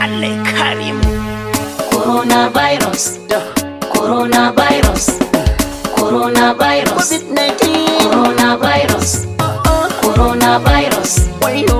Allah ya kare mu coronavirus da coronavirus coronavirus covid-19 coronavirus uh-uh. coronavirus wayo